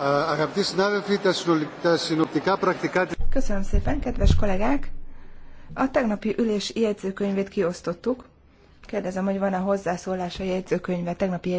Αγαπητοί συνάδελφοι, τα συνοπτικά πρακτικά... Köszönöm szépen, kedves kollégák! A tegnapi ülés jegyzőkönyvét kiosztottuk. Kérdezem, hogy van-e hozzászólás a jegyzőkönyve, tegnapi jegyzőkönyve.